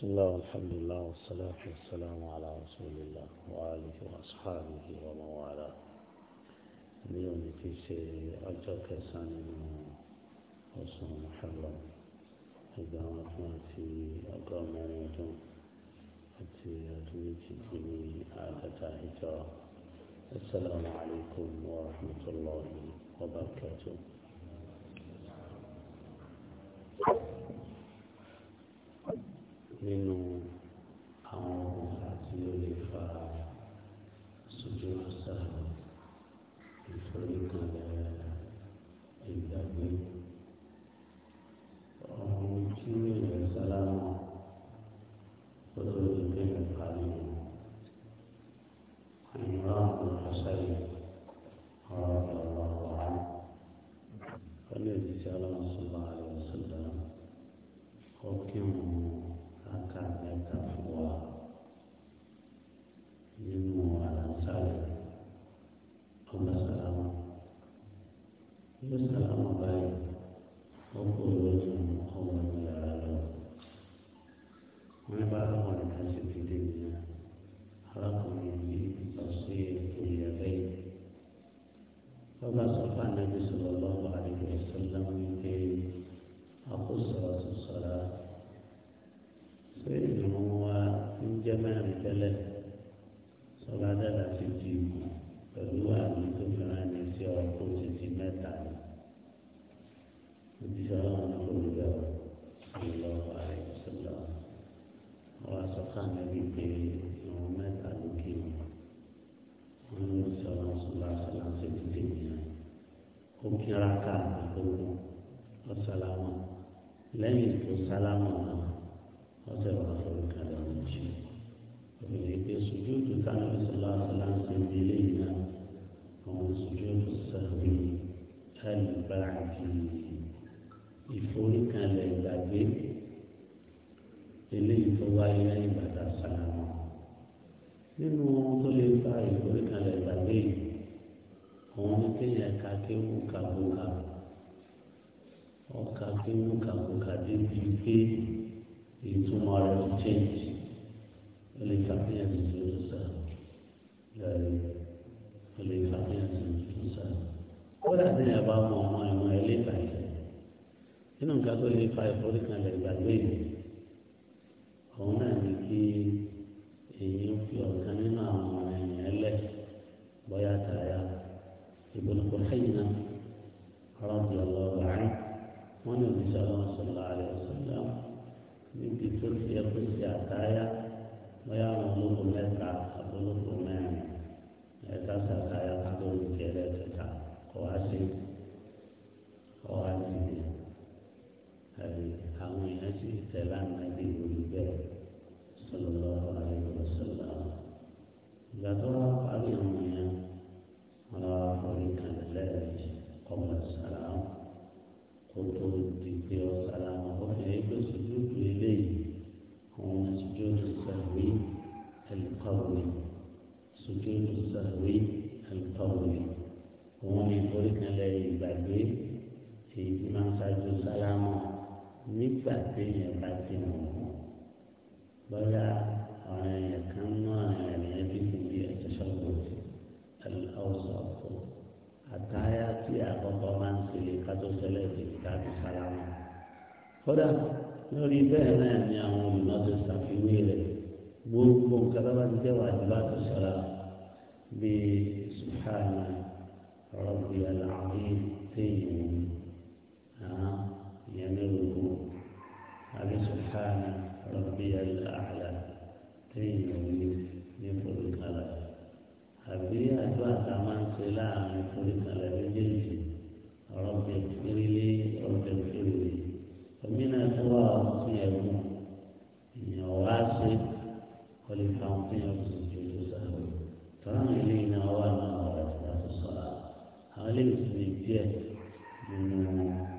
بسم الله والحمد لله والصلاة والسلام على رسول الله وآله وأصحابه ومن والاه اليوم في شيء أجاك سنة رسول محرم إذا أردنا في أقام وجوم حتى تنتهي عادة هجرة السلام عليكم ورحمة الله وبركاته nínú àwọn òòsà tí ó lè fa sojú ọ̀sà ìforíkalẹ̀ ìgbàgbé. ọ̀hún tí èèyàn sálámà ó tó lè gbé nípa nínú ìmọ̀ràn ọ̀sàyè ọ̀rọ̀ ọ̀rọ̀ ọ̀hán. wọ́n lè ti sálọ́mù sọ́lá àlọ́ sọ́lá ọ̀kẹ́ wọn. ويبقى أول الناس في ديننا رقم بتصير اليدين فبصف النبي صلى الله عليه وسلم يقول أقصرت الصلاة فإن هو من جماع ثلاث صلاة لا تجيب فهو أن تفعل نسي وقوة متى وإن شاء الله نقول kíráka àkọ́kọ́ ọ̀sálámà lẹ́yìn tó sálámà náà ọ̀sẹ̀ wà fọ́lùkàdà náà. kéèyàn ka kéwù kàbùkà ọkà kéwù kàbùkà débi pé ìtumọ̀ rẹ̀ ń chẹ́ǹtì ó lè ka kéèyàn sì ló sà lẹ́yìn ó lè ka kéèyàn sì ló sà ó dà kéèyàn bá mọ ọmọ ẹ̀mọ́ ẹ̀ lè fà yìí nínú nǹkan tó lè fa ìforíkanlẹ̀ ìgbàgbé yìí òun náà ní kí èyí ń fi ọ̀kan òjíṣẹ́ ọlọ́run sọ̀rọ̀ àrẹ ọ̀sọ̀lá níbi tó ti ẹ kó ṣe àtáyà bóyá àwọn olóko mẹ́ta àbólóko mẹ́rin ẹ̀ka ṣe àtáyà kátó oúnjẹ rẹ̀ kẹta kọ́ wá sí kọ́ wá sí ẹ̀rí àwọn èèyàn sì nígbà téèyàn bá ti mọ̀ wọ́n bóyá àwọn èèyàn kan mú àwọn èèyàn bí kò bí ẹ̀jẹ̀ sọ́gbọ̀n sí aláwùsọ̀ ọ̀pọ̀ àtàyà tí àkọ́kọ́ máa ń ṣẹlẹ̀ kátó ṣẹlẹ̀ ìdìbò káàdì sálámù. kódà lórí bẹ́ẹ̀ náà ni àwọn olùmọ̀tò ṣàfiwé rẹ̀ gbogbo nǹkan tó bá ti jẹ́ wàjú láti sọ̀rọ̀ bíi subhana rabbiyal azim téèyàn ìyẹn ní gbogbo. سبحان ربي الأعلى تيمي يفرق على أبي أدوى ثمان سلام يفرق على رجلتي رب اغفر لي رب اغفر لي ومن أتواصي يوم يواسي ولفعطي يوم فهم إلينا وما أردنا في الصلاة هل يسمي بيه من